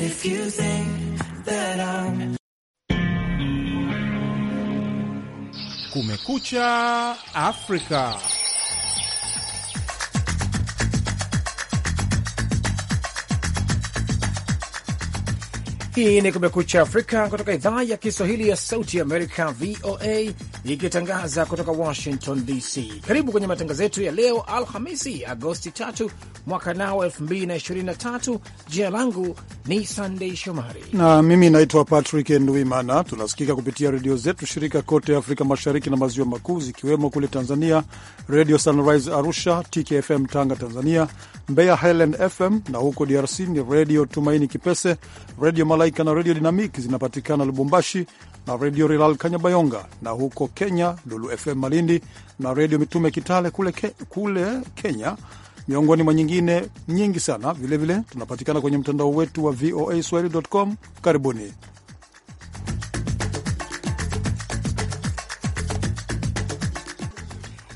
And if you Kumekucha Afrika. Hii ni Kumekucha Afrika kutoka idhaa ya Kiswahili ya Sauti ya Amerika, VOA, ikitangaza kutoka Washington DC. Karibu kwenye matangazo yetu ya leo Alhamisi, Agosti 3 mwaka nao 2023. Jina langu ni Sandei Shomari na mimi naitwa Patrick Nduimana. Tunasikika kupitia redio zetu shirika kote Afrika Mashariki na Maziwa Makuu, zikiwemo kule Tanzania Redio Sunrise Arusha, TKFM Tanga Tanzania, Mbeya Highland FM, na huko DRC ni Redio Tumaini Kipese, Redio Malaika Malaika na Redio Dynamic zinapatikana Lubumbashi na Redio Rilal Kanyabayonga, na huko Kenya Lulu FM Malindi na Redio Mitume Kitale kule, ke, kule Kenya, miongoni mwa nyingine nyingi sana. Vilevile vile, tunapatikana kwenye mtandao wetu wa VOA swahili.com. Karibuni.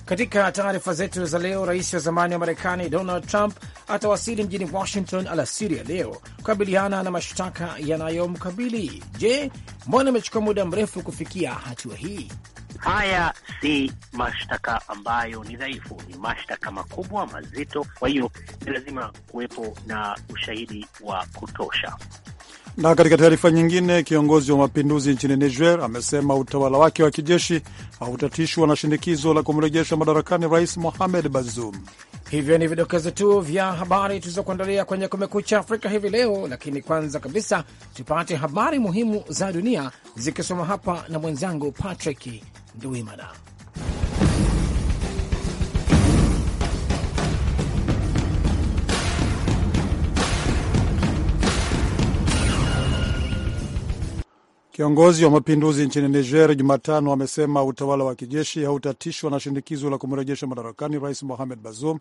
Katika taarifa zetu za leo, rais wa zamani wa Marekani Donald Trump atawasili mjini Washington alasiri ya leo kukabiliana na mashtaka yanayomkabili. Je, mbona imechukua muda mrefu kufikia hatua hii? Haya si mashtaka ambayo ni dhaifu, ni mashtaka makubwa mazito, kwa hiyo ni lazima kuwepo na ushahidi wa kutosha. Na katika taarifa nyingine, kiongozi wa mapinduzi nchini Niger amesema utawala wake wa kijeshi hautatishwa na shinikizo la kumrejesha madarakani Rais Mohamed Bazoum. Hivyo ni vidokezo tu vya habari tulizokuandalia kwenye Kumekucha Afrika hivi leo, lakini kwanza kabisa tupate habari muhimu za dunia zikisoma hapa na mwenzangu Patrick Nduimana. Kiongozi wa mapinduzi nchini Niger Jumatano amesema utawala wa kijeshi hautatishwa na shinikizo la kumrejesha madarakani Rais Mohamed Bazoum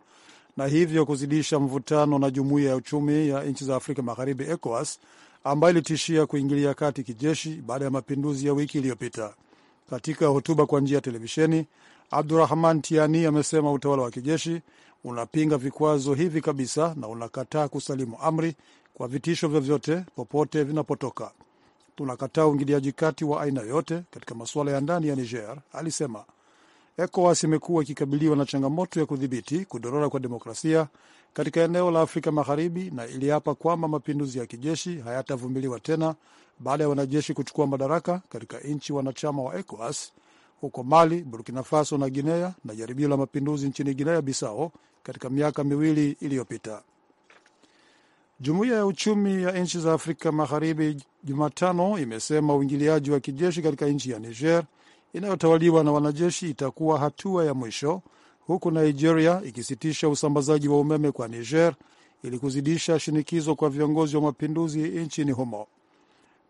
na hivyo kuzidisha mvutano na jumuiya ya uchumi ya nchi za Afrika Magharibi, ECOWAS, ambayo ilitishia kuingilia kati kijeshi baada ya mapinduzi ya wiki iliyopita. Katika hotuba kwa njia ya televisheni, Abdurahman Tiani amesema utawala wa kijeshi unapinga vikwazo hivi kabisa na unakataa kusalimu amri kwa vitisho vyovyote popote vinapotoka tunakataa uingiliaji kati wa aina yote katika masuala ya ndani ya Niger, alisema. ECOWAS imekuwa ikikabiliwa na changamoto ya kudhibiti kudorora kwa demokrasia katika eneo la Afrika Magharibi na iliapa kwamba mapinduzi ya kijeshi hayatavumiliwa tena baada ya wanajeshi kuchukua madaraka katika nchi wanachama wa ECOWAS huko Mali, Burkina Faso na Guinea na jaribio la mapinduzi nchini Guinea Bissau katika miaka miwili iliyopita. Jumuiya ya uchumi ya nchi za Afrika Magharibi Jumatano imesema uingiliaji wa kijeshi katika nchi ya Niger inayotawaliwa na wanajeshi itakuwa hatua ya mwisho, huku Nigeria ikisitisha usambazaji wa umeme kwa Niger ili kuzidisha shinikizo kwa viongozi wa mapinduzi nchini humo.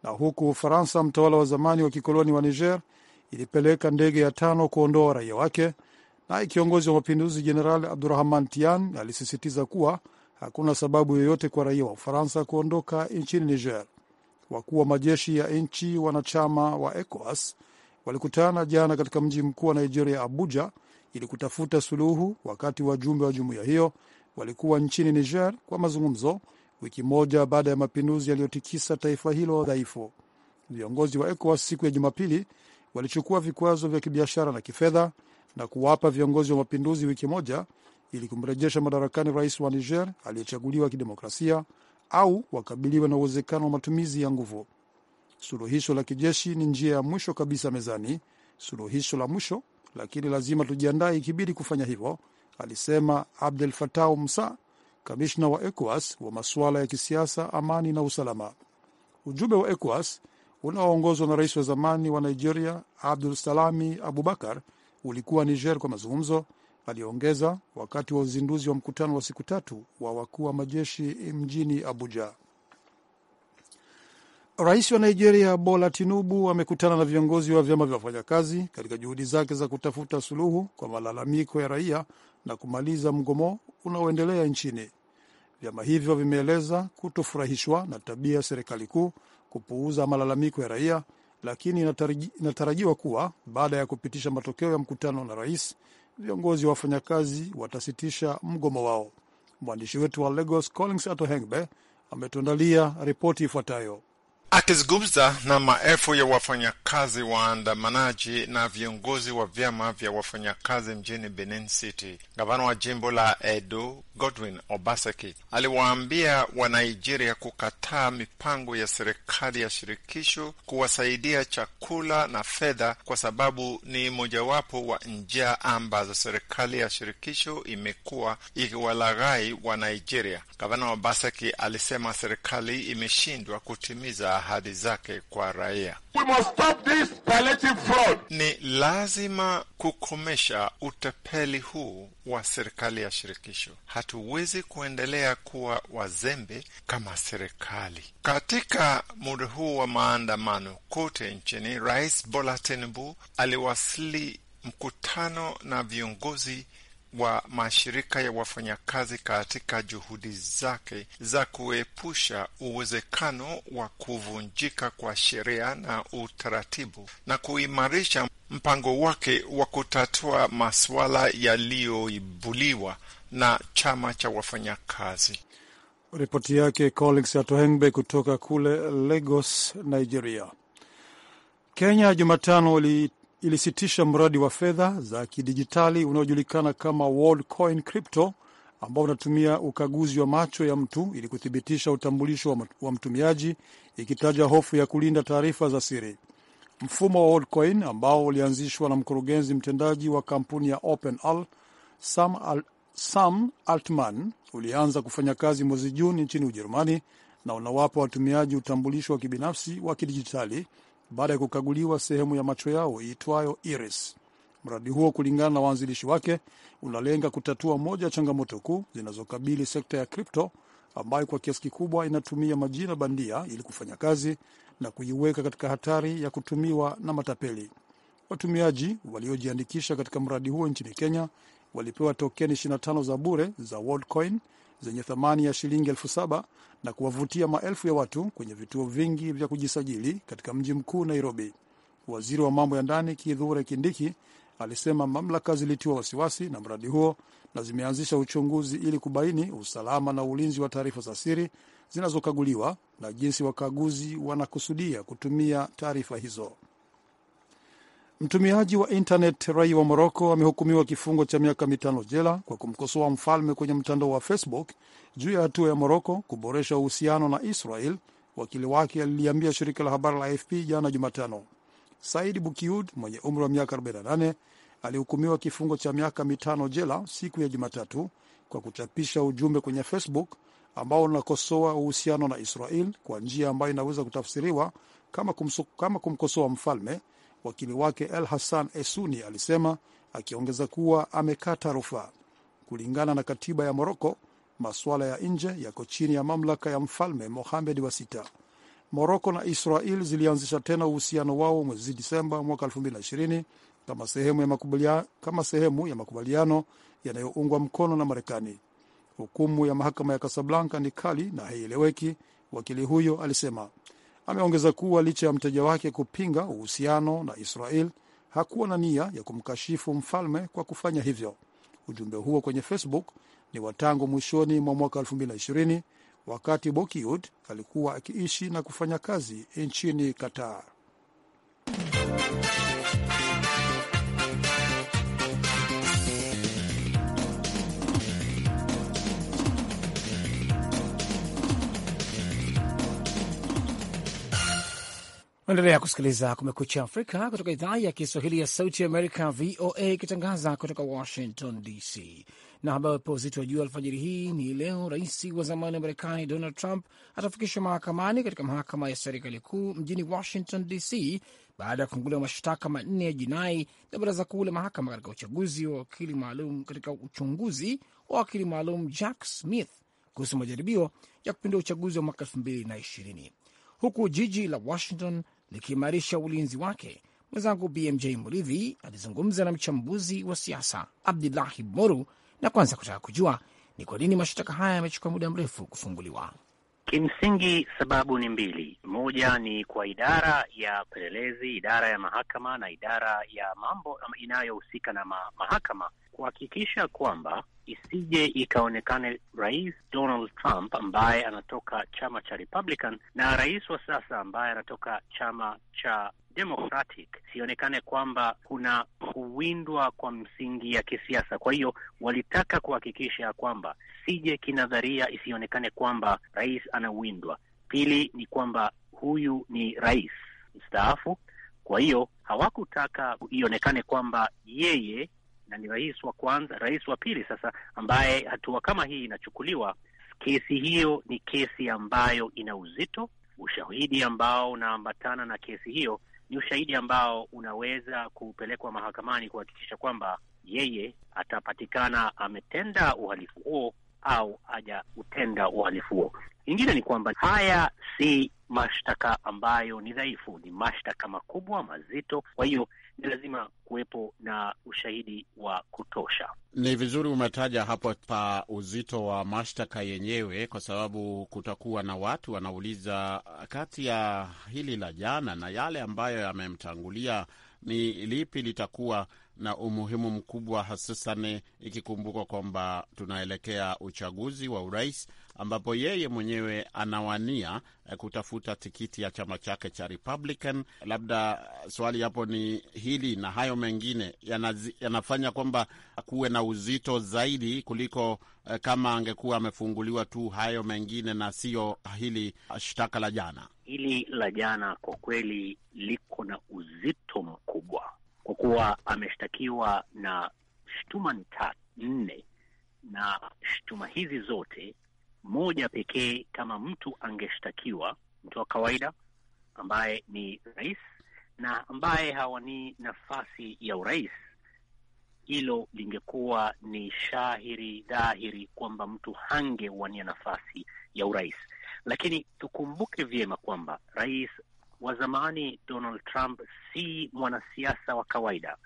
Na huku Ufaransa, mtawala wa zamani wa kikoloni wa Niger, ilipeleka ndege ya tano kuondoa raia wake, naye kiongozi wa mapinduzi jeneral Abdurahman tian alisisitiza kuwa hakuna sababu yoyote kwa raia wa Ufaransa kuondoka nchini Niger. Wakuu wa majeshi ya nchi wanachama wa ECOWAS walikutana jana katika mji mkuu wa Nigeria, Abuja, ili kutafuta suluhu, wakati wajumbe wa jumuiya hiyo walikuwa nchini Niger kwa mazungumzo, wiki moja baada ya mapinduzi yaliyotikisa taifa hilo dhaifu. Viongozi wa ECOWAS siku ya Jumapili walichukua vikwazo vya kibiashara na kifedha na kuwapa viongozi wa mapinduzi wiki moja ili kumrejesha madarakani rais wa Niger aliyechaguliwa kidemokrasia au wakabiliwe na uwezekano wa matumizi ya nguvu. Suluhisho la kijeshi ni njia ya mwisho kabisa mezani, suluhisho la mwisho, lakini lazima tujiandae ikibidi kufanya hivyo, alisema Abdel Fatau Musa, kamishna wa ECOWAS wa masuala ya kisiasa, amani na usalama. Ujumbe wa ECOWAS unaoongozwa na rais wa zamani wa Nigeria Abdul Salami Abubakar ulikuwa Niger kwa mazungumzo aliongeza wakati wa uzinduzi wa mkutano wa siku tatu wa wakuu wa majeshi mjini Abuja. Rais wa Nigeria Bola Tinubu amekutana na viongozi wa vyama vya wafanyakazi katika juhudi zake za kutafuta suluhu kwa malalamiko ya raia na kumaliza mgomo unaoendelea nchini. Vyama hivyo vimeeleza kutofurahishwa na tabia ya serikali kuu kupuuza malalamiko ya raia, lakini inatarajiwa kuwa baada ya kupitisha matokeo ya mkutano na rais, viongozi wa wafanyakazi watasitisha mgomo wao. Mwandishi wetu wa Lagos Collins Ato Hengbe ametuandalia ripoti ifuatayo. Akizungumza na maelfu ya wafanyakazi waandamanaji na viongozi wa vyama vya wafanyakazi mjini Benin City, gavana wa jimbo la Edo Godwin Obaseki aliwaambia Wanaijeria kukataa mipango ya serikali ya shirikisho kuwasaidia chakula na fedha, kwa sababu ni mojawapo wa njia ambazo serikali ya shirikisho imekuwa ikiwalaghai Wanaijeria. Gavana Obaseki alisema serikali imeshindwa kutimiza ahadi zake kwa raia. We must stop this fraud. Ni lazima kukomesha utapeli huu wa serikali ya shirikisho. Hatuwezi kuendelea kuwa wazembe kama serikali. Katika muda huu wa maandamano kote nchini, Rais Bola Tinubu aliwasili mkutano na viongozi wa mashirika ya wafanyakazi katika juhudi zake za kuepusha uwezekano wa kuvunjika kwa sheria na utaratibu na kuimarisha mpango wake wa kutatua masuala yaliyoibuliwa na chama cha wafanyakazi. Ripoti yake Collins Atohengbe kutoka kule Lagos, Nigeria. Kenya Jumatano ilisitisha mradi wa fedha za kidijitali unaojulikana kama Crypto ambao unatumia ukaguzi wa macho ya mtu ili kuthibitisha utambulisho wa mtumiaji, ikitaja hofu ya kulinda taarifa za siri. Mfumo wa Worldcoin ambao ulianzishwa na mkurugenzi mtendaji wa kampuni ya OpenAI Sam, Al Sam Altman ulianza kufanya kazi mwezi Juni nchini Ujerumani na unawapa watumiaji utambulisho wa kibinafsi wa kidijitali baada ya kukaguliwa sehemu ya macho yao iitwayo iris. Mradi huo kulingana na waanzilishi wake unalenga kutatua moja ya changamoto kuu zinazokabili sekta ya kripto ambayo kwa kiasi kikubwa inatumia majina bandia ili kufanya kazi na kuiweka katika hatari ya kutumiwa na matapeli. Watumiaji waliojiandikisha katika mradi huo nchini Kenya walipewa tokeni 25 za bure za WorldCoin zenye thamani ya shilingi elfu saba na kuwavutia maelfu ya watu kwenye vituo vingi vya kujisajili katika mji mkuu Nairobi. Waziri wa mambo ya ndani Kithure Kindiki alisema mamlaka zilitiwa wasiwasi na mradi huo na zimeanzisha uchunguzi ili kubaini usalama na ulinzi wa taarifa za siri zinazokaguliwa na jinsi wakaguzi wanakusudia kutumia taarifa hizo. Mtumiaji wa internet raia wa Moroko amehukumiwa kifungo cha miaka mitano jela kwa kumkosoa mfalme kwenye mtandao wa Facebook juu ya hatua ya Moroko kuboresha uhusiano na Israel, wakili wake aliliambia shirika la habari la AFP jana Jumatano. Said Bukiud mwenye umri wa miaka 48 alihukumiwa kifungo cha miaka mitano jela siku ya Jumatatu kwa kuchapisha ujumbe kwenye Facebook ambao unakosoa uhusiano na Israel kwa njia ambayo inaweza kutafsiriwa kama, kama kumkosoa mfalme wakili wake El Hassan Esuni alisema, akiongeza kuwa amekata rufaa. Kulingana na katiba ya Moroko, masuala ya nje yako chini ya mamlaka ya mfalme Mohamed wa Sita. Moroko na Israel zilianzisha tena uhusiano wao mwezi Disemba mwaka 2020 kama sehemu ya makubaliano, kama sehemu ya makubaliano yanayoungwa mkono na Marekani. Hukumu ya mahakama ya Kasablanka ni kali na haieleweki, wakili huyo alisema. Ameongeza kuwa licha ya mteja wake kupinga uhusiano na Israel hakuwa na nia ya kumkashifu mfalme kwa kufanya hivyo. Ujumbe huo kwenye Facebook ni wa tangu mwishoni mwa mwaka 2020 wakati Bokiud alikuwa akiishi na kufanya kazi nchini Qatar. Endelea kusikiliza Kumekucha Afrika kutoka idhaa ya Kiswahili ya Sauti ya Amerika, VOA, ikitangaza kutoka Washington DC. Na habari pewa uzito wa juu alfajiri hii ni leo, rais wa zamani wa Marekani Donald Trump atafikishwa mahakamani katika mahakama ya serikali kuu mjini Washington DC baada ya kufunguliwa mashtaka manne ya jinai na baraza kuu la mahakama katika uchaguzi wa wakili maalum katika uchunguzi wa wakili maalum Jack Smith kuhusu majaribio ya kupindua uchaguzi wa mwaka elfu mbili na ishirini huku jiji la Washington likiimarisha ulinzi wake. Mwenzangu BMJ Muridhi alizungumza na mchambuzi wa siasa Abdullahi Moru na kwanza kutaka kujua ni kwa nini mashtaka haya yamechukua muda mrefu kufunguliwa. Kimsingi sababu ni mbili. Moja ni kwa idara ya pelelezi, idara ya mahakama na idara ya mambo inayohusika na ma mahakama kuhakikisha kwamba isije ikaonekane Rais Donald Trump ambaye anatoka chama cha Republican na rais wa sasa ambaye anatoka chama cha democratic, sionekane kwamba kuna kuwindwa kwa msingi ya kisiasa. Kwa hiyo walitaka kuhakikisha ya kwamba sije kinadharia, isionekane kwamba rais anawindwa. Pili ni kwamba huyu ni rais mstaafu, kwa hiyo hawakutaka ionekane kwamba yeye na ni rais wa kwanza, rais wa pili sasa ambaye hatua kama hii inachukuliwa. Kesi hiyo ni kesi ambayo ina uzito, ushahidi ambao unaambatana na kesi hiyo ni ushahidi ambao unaweza kupelekwa mahakamani kuhakikisha kwamba yeye atapatikana ametenda uhalifu huo au hajautenda uhalifu huo. Ingine ni kwamba haya si mashtaka ambayo ni dhaifu, ni mashtaka makubwa mazito. Kwa hiyo ni lazima kuwepo na ushahidi wa kutosha. Ni vizuri umetaja hapo pa uzito wa mashtaka yenyewe, kwa sababu kutakuwa na watu wanauliza kati ya hili la jana na yale ambayo yamemtangulia ni lipi litakuwa na umuhimu mkubwa, hususan ikikumbukwa kwamba tunaelekea uchaguzi wa urais ambapo yeye mwenyewe anawania eh, kutafuta tikiti ya chama chake cha Republican. Labda eh, swali hapo ni hili, na hayo mengine yanafanya yanafanya kwamba kuwe na uzito zaidi kuliko eh, kama angekuwa amefunguliwa tu hayo mengine na siyo hili shtaka la jana. Hili la jana kwa kweli liko na uzito mkubwa kwa kuwa ameshtakiwa na shutuma nne, na shutuma hizi zote moja pekee, kama mtu angeshtakiwa, mtu wa kawaida ambaye ni rais na ambaye hawanii nafasi ya urais, hilo lingekuwa ni shahiri dhahiri kwamba mtu hangewania nafasi ya urais. Lakini tukumbuke vyema kwamba rais wa zamani Donald Trump si mwanasiasa wa kawaida.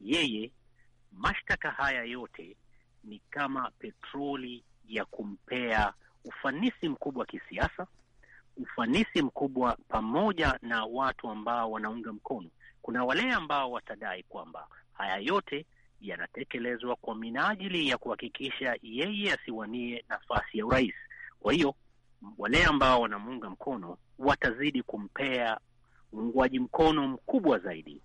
Yeye mashtaka haya yote ni kama petroli ya kumpea ufanisi mkubwa wa kisiasa, ufanisi mkubwa pamoja na watu ambao wanaunga mkono. Kuna wale ambao watadai kwamba haya yote yanatekelezwa kwa minajili ya kuhakikisha yeye asiwanie nafasi ya urais. Kwa hiyo wale ambao wanamuunga mkono watazidi kumpea uungwaji mkono mkubwa zaidi.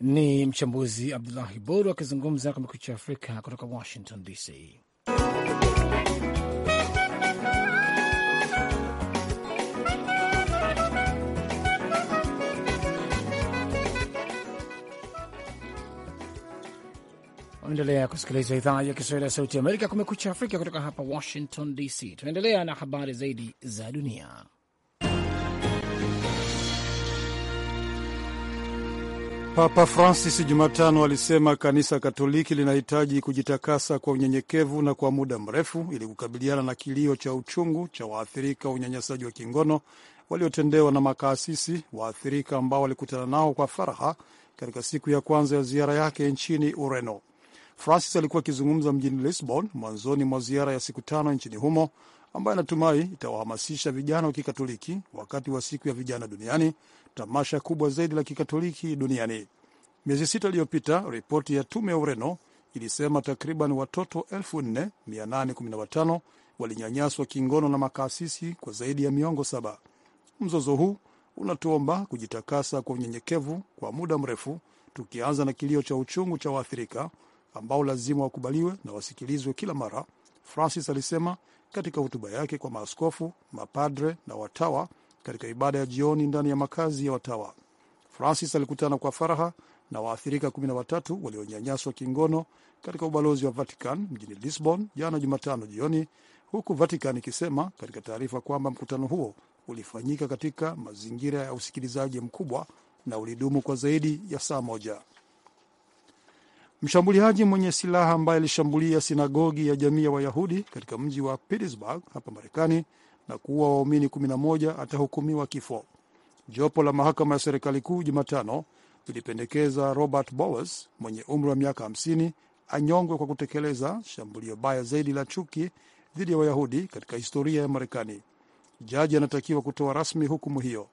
Ni mchambuzi Abdullahi Boru akizungumza Kumekucha Afrika kutoka Washington DC. Unaendelea kusikiliza idhaa ya Kiswahili ya Sauti ya Amerika, Kumekucha Afrika, kutoka hapa Washington DC. Tunaendelea na habari zaidi za dunia. Papa Francis Jumatano alisema kanisa Katoliki linahitaji kujitakasa kwa unyenyekevu na kwa muda mrefu ili kukabiliana na kilio cha uchungu cha waathirika wa unyanyasaji wa kingono waliotendewa na makaasisi, waathirika ambao walikutana nao kwa faraha katika siku ya kwanza ya ziara yake nchini Ureno. Francis alikuwa akizungumza mjini Lisbon mwanzoni mwa ziara ya siku tano nchini humo ambayo anatumai itawahamasisha vijana wa Kikatoliki wakati wa siku ya vijana duniani, tamasha kubwa zaidi la Kikatoliki duniani. Miezi sita iliyopita, ripoti ya tume ya Ureno ilisema takriban watoto 4815 walinyanyaswa kingono na makasisi kwa zaidi ya miongo saba. Mzozo huu unatuomba kujitakasa kwa unyenyekevu kwa muda mrefu, tukianza na kilio cha uchungu cha waathirika ambao lazima wakubaliwe na wasikilizwe kila mara, Francis alisema katika hotuba yake kwa maaskofu, mapadre na watawa katika ibada ya jioni ndani ya makazi ya watawa. Francis alikutana kwa faraha na waathirika 13 walionyanyaswa kingono katika ubalozi wa Vatican mjini Lisbon jana Jumatano jioni, huku Vatican ikisema katika taarifa kwamba mkutano huo ulifanyika katika mazingira ya usikilizaji mkubwa na ulidumu kwa zaidi ya saa moja. Mshambuliaji mwenye silaha ambaye alishambulia sinagogi ya jamii ya Wayahudi katika mji wa Pittsburgh hapa Marekani na kuua waumini 11 atahukumiwa kifo. Jopo la mahakama ya serikali kuu Jumatano lilipendekeza Robert Bowers mwenye umri wa miaka 50 anyongwe kwa kutekeleza shambulio baya zaidi la chuki dhidi ya Wayahudi katika historia ya Marekani. Jaji anatakiwa kutoa rasmi hukumu hiyo.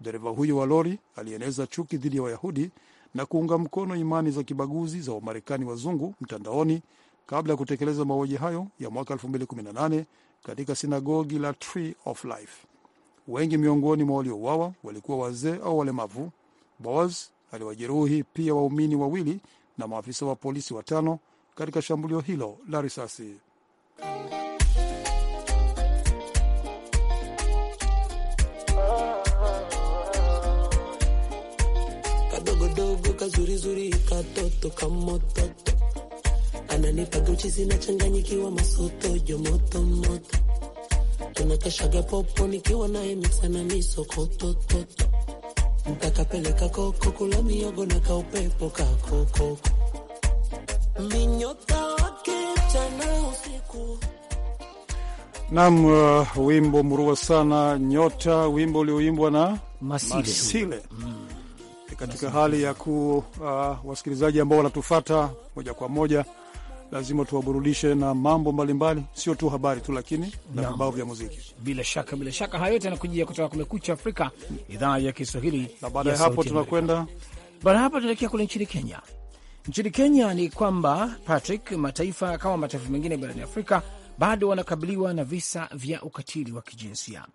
Dereva huyo wa lori alieneza chuki dhidi ya Wayahudi na kuunga mkono imani za kibaguzi za Wamarekani wazungu mtandaoni kabla ya kutekeleza mauaji hayo ya mwaka 2018 katika sinagogi la Tree of Life. Wengi miongoni mwa waliouawa walikuwa wazee au walemavu. Boaz aliwajeruhi pia waumini wawili na maafisa wa polisi watano katika shambulio hilo la risasi. zuri katoto kamototo ananipaga uchi zinachanganyikiwa masoto jomoto jomotomoto tunakeshaga popo nikiwa naye mixana misokotototo mtakapeleka koko kula miogo na kaupepo kakokoko minyota wake chana usiku Nam uh, wimbo murua sana nyota, wimbo ulioimbwa na Masile, Masile. Mm katika hali ya ku uh, wasikilizaji ambao wanatufata moja kwa moja lazima tuwaburudishe na mambo mbalimbali, sio tu habari tu, lakini na vibao vya muziki. Bila shaka, bila shaka, hayo yote yanakujia kutoka Kumekucha Afrika, idhaa ya Kiswahili. Na baada ya hapo tunakwenda, baada hapo tunaelekea kule nchini Kenya. Nchini Kenya ni kwamba Patrick, mataifa kama mataifa mengine barani Afrika bado wanakabiliwa na visa vya ukatili wa kijinsia.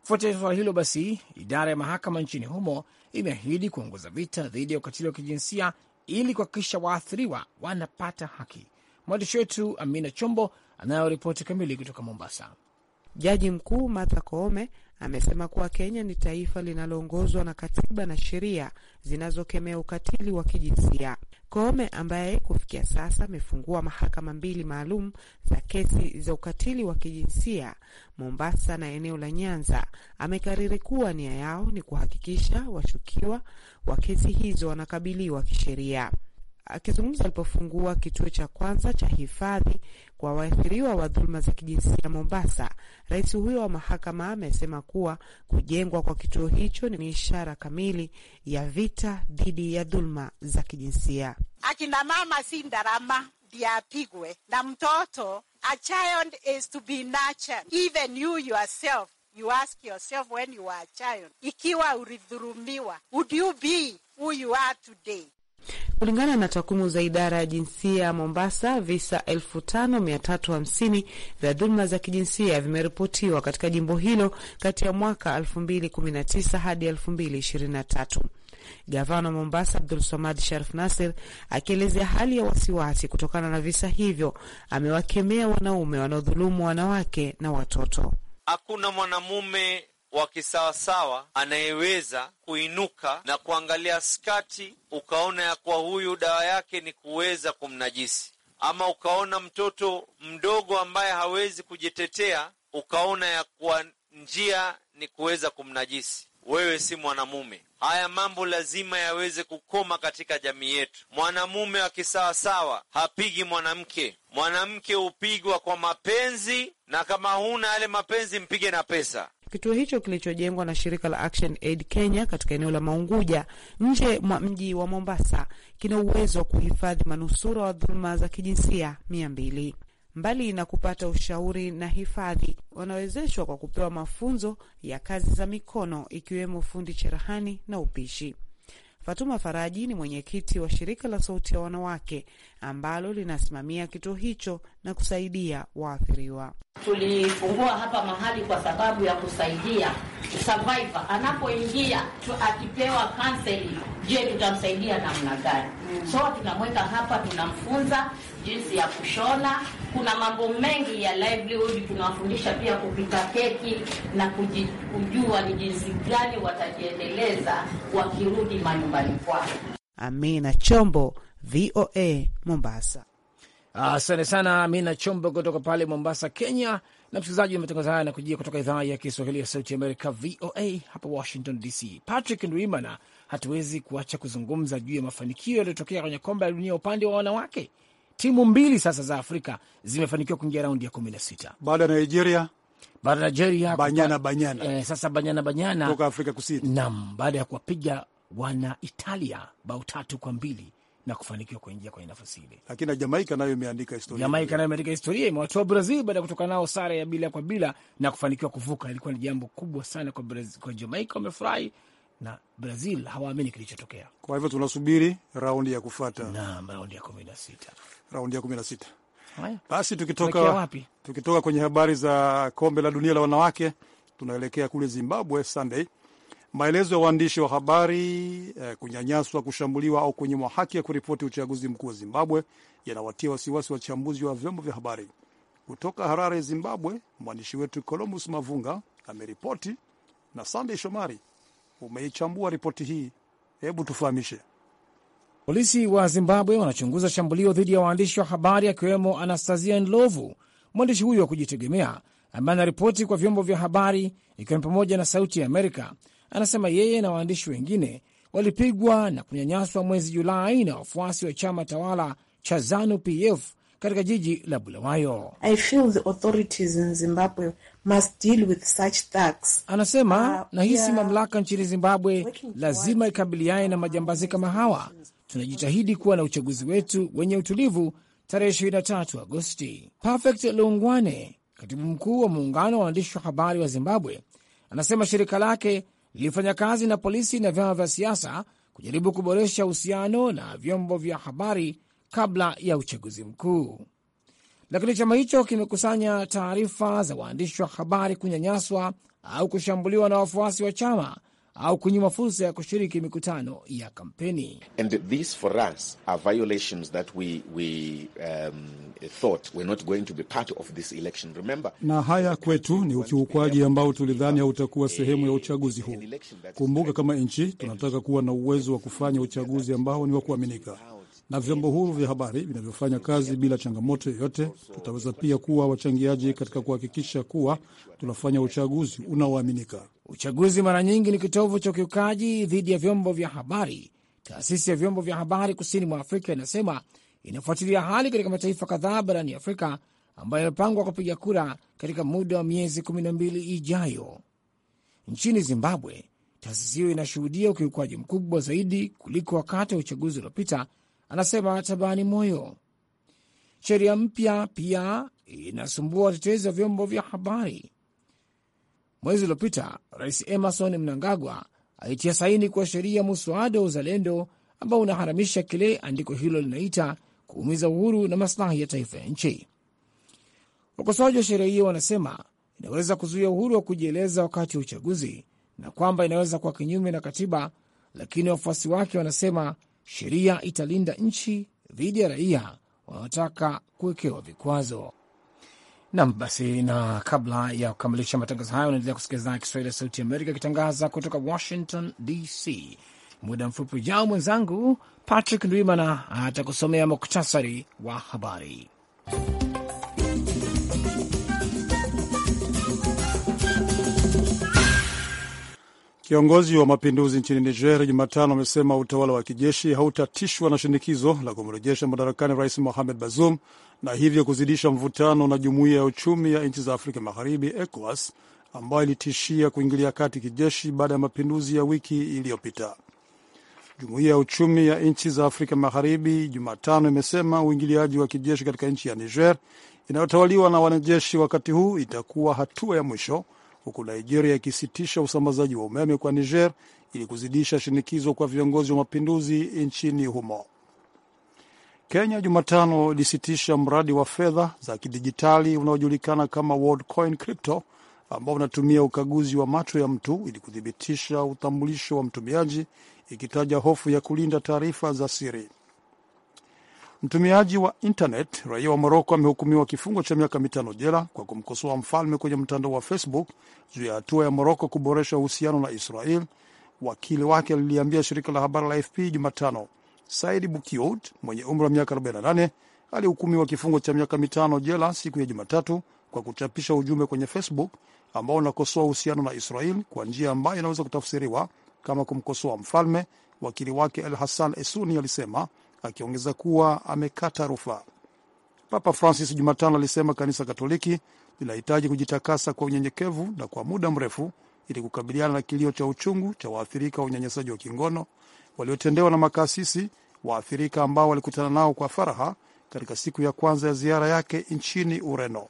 Kufuatia swala hilo, basi idara ya mahakama nchini humo imeahidi kuongoza vita dhidi ya ukatili wa kijinsia ili kuhakikisha waathiriwa wanapata haki. Mwandishi wetu Amina Chombo anayo ripoti kamili kutoka Mombasa. Jaji Mkuu Martha Koome amesema kuwa Kenya ni taifa linaloongozwa na katiba na sheria zinazokemea ukatili wa kijinsia. Koome ambaye kufikia sasa amefungua mahakama mbili maalum za kesi za ukatili wa kijinsia Mombasa na eneo la Nyanza, amekariri kuwa nia yao ni kuhakikisha washukiwa wa kesi hizo wanakabiliwa kisheria. Akizungumza alipofungua kituo cha kwanza cha hifadhi kwa waathiriwa wa dhuluma za kijinsia Mombasa, rais huyo wa mahakama amesema kuwa kujengwa kwa kituo hicho ni ishara kamili ya vita dhidi ya dhuluma za kijinsia. Akina mama si ndarama ndio apigwe na mtoto. A child is to be nurtured. Even you yourself, you ask yourself when you are a child, ikiwa ulidhulumiwa, would you be who you are today? Kulingana na takwimu za idara ya jinsia ya Mombasa, visa 5350 vya dhuluma za kijinsia vimeripotiwa katika jimbo hilo kati ya mwaka elfu hadi elfu Gavana wa Mombasa Abdul Samad Sharif Nasir akielezea hali ya wasiwasi kutokana na visa hivyo, amewakemea wanaume wanaodhulumu wanawake na watoto. Hakuna mwanamume wa kisawasawa anayeweza kuinuka na kuangalia skati ukaona ya kuwa huyu dawa yake ni kuweza kumnajisi, ama ukaona mtoto mdogo ambaye hawezi kujitetea ukaona ya kuwa njia ni kuweza kumnajisi. Wewe si mwanamume. Haya mambo lazima yaweze kukoma katika jamii yetu. Mwanamume wa kisawasawa hapigi mwanamke. Mwanamke hupigwa kwa mapenzi, na kama huna yale mapenzi, mpige na pesa. Kituo hicho kilichojengwa na shirika la Action Aid Kenya katika eneo la Maunguja nje mwa mji wa Mombasa kina uwezo wa kuhifadhi manusura wa dhuluma za kijinsia mia mbili. Mbali na kupata ushauri na hifadhi, wanawezeshwa kwa kupewa mafunzo ya kazi za mikono ikiwemo fundi cherehani na upishi. Fatuma Faraji ni mwenyekiti wa shirika la Sauti ya Wanawake ambalo linasimamia kituo hicho na kusaidia waathiriwa. Tulifungua hapa mahali kwa sababu ya kusaidia survivor anapoingia akipewa counseling, je, tutamsaidia namna gani? Mm. So tunamweka hapa, tunamfunza jinsi ya kushona. Kuna mambo mengi ya livelihood, tunawafundisha pia kupika keki na kujua ni jinsi gani watajiendeleza wakirudi manyumbani kwao. Amina Chombo, VOA Mombasa. Asante sana Amina Chombo kutoka pale Mombasa, Kenya. Na msikilizaji, matangazo haya yanakujia kutoka idhaa ya Kiswahili ya Sauti Amerika, VOA hapa Washington DC. Patrick Ndwimana hatuwezi kuacha kuzungumza juu ya mafanikio yaliyotokea kwenye kombe la dunia upande wa wanawake. Timu mbili sasa za Afrika zimefanikiwa kuingia raundi ya kumi na sita baada ya Nigeria baada ya Nigeria banyana, banyana. Eh, sasa banyana banyana kutoka Afrika Kusini, naam, baada ya kuwapiga wana Italia bao tatu kwa mbili na kufanikiwa kuingia kwenye nafasi ile. Lakini na Jamaika nayo imeandika historia, Jamaika nayo imeandika historia, imewatoa Brazil baada ya kutoka nao sare ya bila kwa bila na kufanikiwa kuvuka. Ilikuwa ni jambo kubwa sana kwa Brazil, kwa Jamaika wamefurahi na Brazil hawaamini kilichotokea. Kwa hivyo tunasubiri raundi ya kufuata, naam, raundi ya kumi na sita, raundi ya kumi na sita. Basi tukitoka, tukitoka kwenye habari za kombe la dunia la wanawake tunaelekea kule Zimbabwe Sunday Maelezo ya waandishi wa habari eh, kunyanyaswa, kushambuliwa au kunyimwa haki ya kuripoti uchaguzi mkuu wa Zimbabwe yanawatia wasiwasi wachambuzi wa vyombo vya habari. Kutoka Harare, Zimbabwe, mwandishi wetu Columbus Mavunga ameripoti na Sandey Shomari umeichambua ripoti hii. Hebu tufahamishe. Polisi wa Zimbabwe wanachunguza shambulio dhidi ya waandishi wa habari akiwemo Anastasia nlovu mwandishi huyo wa kujitegemea ambaye anaripoti kwa vyombo vya habari, ikiwa ni pamoja na Sauti ya Amerika anasema yeye na waandishi wengine walipigwa na kunyanyaswa mwezi Julai na wafuasi wa chama tawala cha ZANU PF katika jiji la Bulawayo. Anasema uh, nahisi mamlaka nchini Zimbabwe lazima ikabiliane na majambazi kama hawa. Tunajitahidi kuwa na uchaguzi wetu wenye utulivu tarehe 23 Agosti. Perfect Lungwane, katibu mkuu wa muungano wa waandishi wa habari wa Zimbabwe, anasema shirika lake ilifanya kazi na polisi na vyama vya siasa kujaribu kuboresha uhusiano na vyombo vya habari kabla ya uchaguzi mkuu, lakini chama hicho kimekusanya taarifa za waandishi wa habari kunyanyaswa au kushambuliwa na wafuasi wa chama au kunyima fursa ya kushiriki mikutano ya kampeni. And these for us are violations that we, we, um, thought we're not going to be part of this election. Remember, na haya kwetu ni ukiukwaji ambao tulidhani hautakuwa sehemu ya uchaguzi huu. Kumbuka, kama nchi tunataka kuwa na uwezo wa kufanya uchaguzi ambao ni wa kuaminika na vyombo huru vya habari vinavyofanya kazi bila changamoto yoyote. Tutaweza pia kuwa wachangiaji katika kuhakikisha kuwa tunafanya uchaguzi unaoaminika. Uchaguzi mara nyingi ni kitovu cha ukiukaji dhidi ya vyombo vya habari. Taasisi ya vyombo vya habari kusini mwa Afrika inasema inafuatilia hali katika mataifa kadhaa barani Afrika ambayo yamepangwa kupiga kura katika muda wa miezi 12 ijayo. Nchini Zimbabwe, taasisi hiyo inashuhudia ukiukwaji mkubwa zaidi kuliko wakati wa uchaguzi uliopita, anasema Tabani Moyo. Sheria mpya pia inasumbua watetezi wa vyombo vya habari Mwezi uliopita Rais Emerson Mnangagwa alitia saini kwa sheria muswada wa uzalendo ambao unaharamisha kile andiko hilo linaita kuumiza uhuru na maslahi ya taifa ya nchi. Wakosoaji wa sheria hiyo wanasema inaweza kuzuia uhuru wa kujieleza wakati wa uchaguzi na kwamba inaweza kuwa kinyume na katiba, lakini wafuasi wake wanasema sheria italinda nchi dhidi ya raia wanaotaka kuwekewa vikwazo. Nam basi, na kabla ya kukamilisha matangazo hayo, unaendelea kusikiliza idhaa ya Kiswahili ya Sauti Amerika ikitangaza kutoka Washington DC. Muda mfupi ujao, mwenzangu Patrick Ndwimana atakusomea muktasari wa habari. Kiongozi wa mapinduzi nchini Niger Jumatano amesema utawala wa kijeshi hautatishwa na shinikizo la kumrejesha madarakani Rais Mohamed Bazoum na hivyo kuzidisha mvutano na jumuiya ya uchumi ya nchi za Afrika Magharibi, ECOWAS, ambayo ilitishia kuingilia kati kijeshi baada ya mapinduzi ya wiki iliyopita. Jumuiya ya uchumi ya nchi za Afrika Magharibi Jumatano imesema uingiliaji wa kijeshi katika nchi ya Niger inayotawaliwa na wanajeshi wakati huu itakuwa hatua ya mwisho, huku Nigeria ikisitisha usambazaji wa umeme kwa Niger ili kuzidisha shinikizo kwa viongozi wa mapinduzi nchini humo. Kenya Jumatano ilisitisha mradi wa fedha za kidijitali unaojulikana kama Worldcoin Crypto ambao unatumia ukaguzi wa macho ya mtu ili kuthibitisha utambulisho wa mtumiaji, ikitaja hofu ya kulinda taarifa za siri. Mtumiaji wa internet raia wa Moroko amehukumiwa kifungo cha miaka mitano jela kwa kumkosoa mfalme kwenye mtandao wa Facebook juu ya hatua ya Moroko kuboresha uhusiano na Israel, wakili wake liliambia shirika la habari la AFP Jumatano. Said Bukiud mwenye umri wa miaka 48 alihukumiwa kifungo cha miaka mitano jela siku ya Jumatatu kwa kuchapisha ujumbe kwenye Facebook ambao unakosoa uhusiano na Israel kwa njia ambayo inaweza kutafsiriwa kama kumkosoa mfalme, wakili wake El Hassan Esuni alisema, akiongeza kuwa amekata rufaa. Papa Francis Jumatano alisema kanisa Katoliki linahitaji kujitakasa kwa unyenyekevu na kwa muda mrefu ili kukabiliana na kilio cha uchungu cha waathirika wa unyanyasaji wa kingono waliotendewa na makasisi waathirika ambao walikutana nao kwa faraha katika siku ya kwanza ya ziara yake nchini Ureno.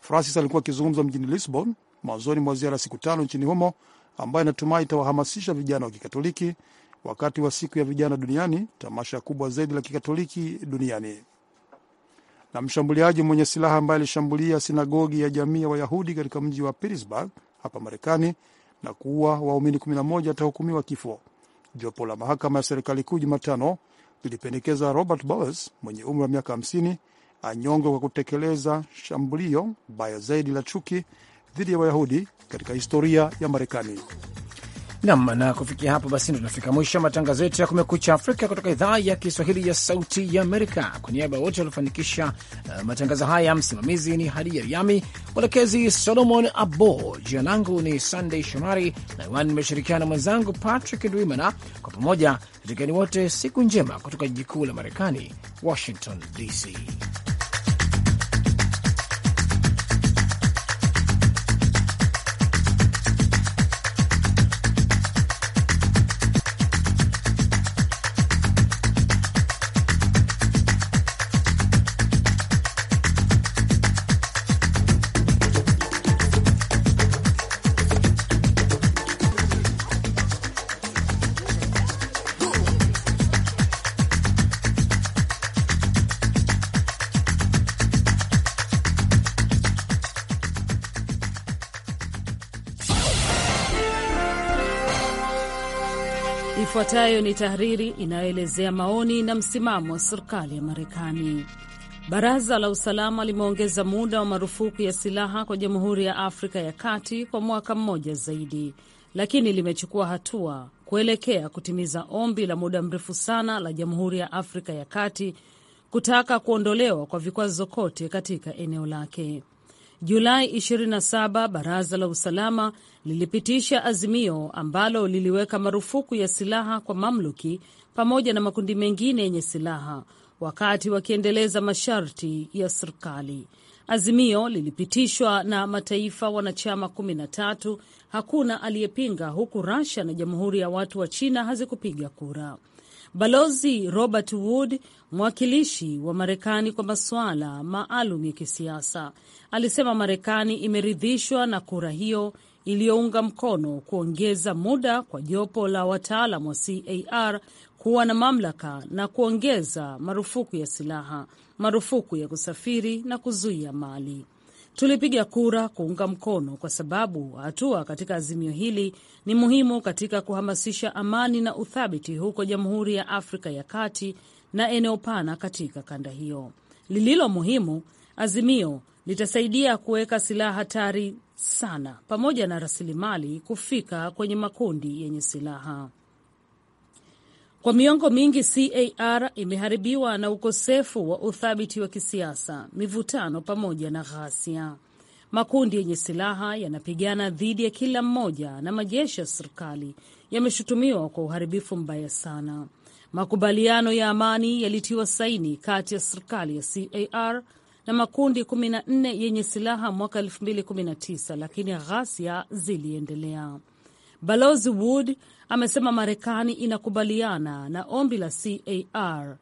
Francis alikuwa akizungumza mjini Lisbon mwanzoni mwa ziara ya siku tano nchini humo ambayo inatumai itawahamasisha vijana wa Kikatoliki wakati wa siku ya vijana duniani, tamasha kubwa zaidi la Kikatoliki duniani. Na mshambuliaji mwenye silaha ambaye alishambulia sinagogi ya jamii ya Wayahudi katika mji wa Pittsburgh hapa Marekani na kuua waumini 11 atahukumiwa kifo. Jopo la mahakama ya serikali kuu Jumatano lilipendekeza Robert Bowers mwenye umri wa miaka 50 anyongwe kwa kutekeleza shambulio baya zaidi la chuki dhidi ya Wayahudi katika historia ya Marekani nam. Na kufikia hapo basi, ndo tunafika mwisho matangazo yetu ya Kumekucha Afrika kutoka idhaa ya Kiswahili ya Sauti ya Amerika. Kwa niaba ya wote waliofanikisha uh, matangazo haya, msimamizi ni Hadi Yariami, mwelekezi Solomon Abo. Jina langu ni Sandey Shomari na iwani nimeshirikiana na mwenzangu Patrick Ndwimana. Kwa pamoja tutikani wote, siku njema kutoka jiji kuu la Marekani, Washington DC. Ifuatayo ni tahariri inayoelezea maoni na msimamo wa serikali ya Marekani. Baraza la Usalama limeongeza muda wa marufuku ya silaha kwa Jamhuri ya Afrika ya Kati kwa mwaka mmoja zaidi, lakini limechukua hatua kuelekea kutimiza ombi la muda mrefu sana la Jamhuri ya Afrika ya Kati kutaka kuondolewa kwa vikwazo kote katika eneo lake. Julai 27 baraza la usalama lilipitisha azimio ambalo liliweka marufuku ya silaha kwa mamluki pamoja na makundi mengine yenye silaha wakati wakiendeleza masharti ya serikali. Azimio lilipitishwa na mataifa wanachama 13. Hakuna aliyepinga, huku rasha na Jamhuri ya Watu wa China hazikupiga kura. Balozi Robert Wood, mwakilishi wa Marekani kwa masuala maalum ya kisiasa, alisema Marekani imeridhishwa na kura hiyo iliyounga mkono kuongeza muda kwa jopo la wataalam wa CAR kuwa na mamlaka na kuongeza marufuku ya silaha, marufuku ya kusafiri na kuzuia mali. Tulipiga kura kuunga mkono kwa sababu hatua katika azimio hili ni muhimu katika kuhamasisha amani na uthabiti huko Jamhuri ya Afrika ya Kati na eneo pana katika kanda hiyo. Lililo muhimu, azimio litasaidia kuweka silaha hatari sana pamoja na rasilimali kufika kwenye makundi yenye silaha. Kwa miongo mingi CAR imeharibiwa na ukosefu wa uthabiti wa kisiasa, mivutano pamoja na ghasia. Makundi yenye silaha yanapigana dhidi ya kila mmoja na majeshi ya serikali yameshutumiwa kwa uharibifu mbaya sana. Makubaliano ya amani yalitiwa saini kati ya serikali ya CAR na makundi 14 yenye silaha mwaka 2019 lakini ghasia ziliendelea. Balozi Wood amesema Marekani inakubaliana na ombi la CAR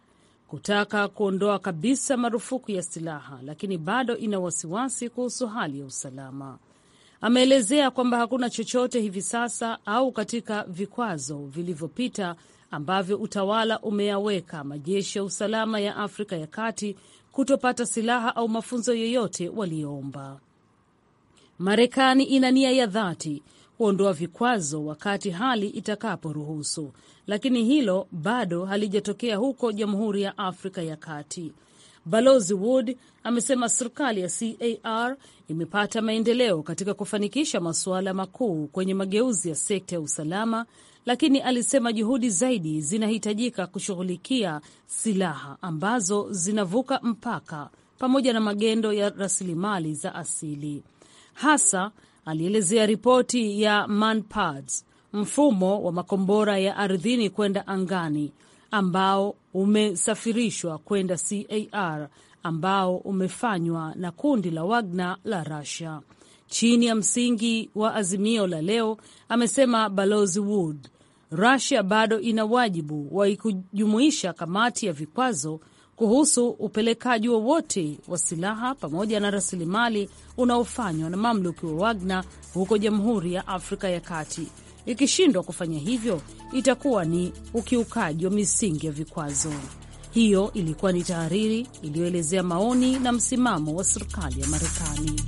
kutaka kuondoa kabisa marufuku ya silaha, lakini bado ina wasiwasi kuhusu hali ya usalama. Ameelezea kwamba hakuna chochote hivi sasa au katika vikwazo vilivyopita ambavyo utawala umeyaweka majeshi ya usalama ya Afrika ya Kati kutopata silaha au mafunzo yoyote waliyoomba. Marekani ina nia ya dhati kuondoa vikwazo wakati hali itakaporuhusu, lakini hilo bado halijatokea huko Jamhuri ya Afrika ya Kati. Balozi Wood amesema serikali ya CAR imepata maendeleo katika kufanikisha masuala makuu kwenye mageuzi ya sekta ya usalama, lakini alisema juhudi zaidi zinahitajika kushughulikia silaha ambazo zinavuka mpaka pamoja na magendo ya rasilimali za asili hasa alielezea ripoti ya Manpads, mfumo wa makombora ya ardhini kwenda angani ambao umesafirishwa kwenda CAR ambao umefanywa na kundi la Wagner la Russia chini ya msingi wa azimio la leo, amesema Balozi Wood. Russia bado ina wajibu wa kujumuisha kamati ya vikwazo kuhusu upelekaji wowote wa silaha pamoja na rasilimali unaofanywa na mamluki wa Wagner huko Jamhuri ya Afrika ya Kati. Ikishindwa kufanya hivyo, itakuwa ni ukiukaji wa misingi ya vikwazo. Hiyo ilikuwa ni tahariri iliyoelezea maoni na msimamo wa serikali ya Marekani.